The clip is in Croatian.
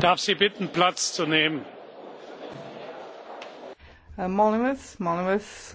darf sie bitten platz zu nehmen. molim vas molim vas